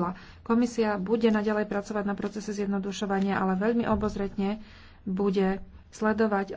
vypla. Komisia bude naďalej pracovať na procese zjednodušovania, ale veľmi obozretne bude sledovať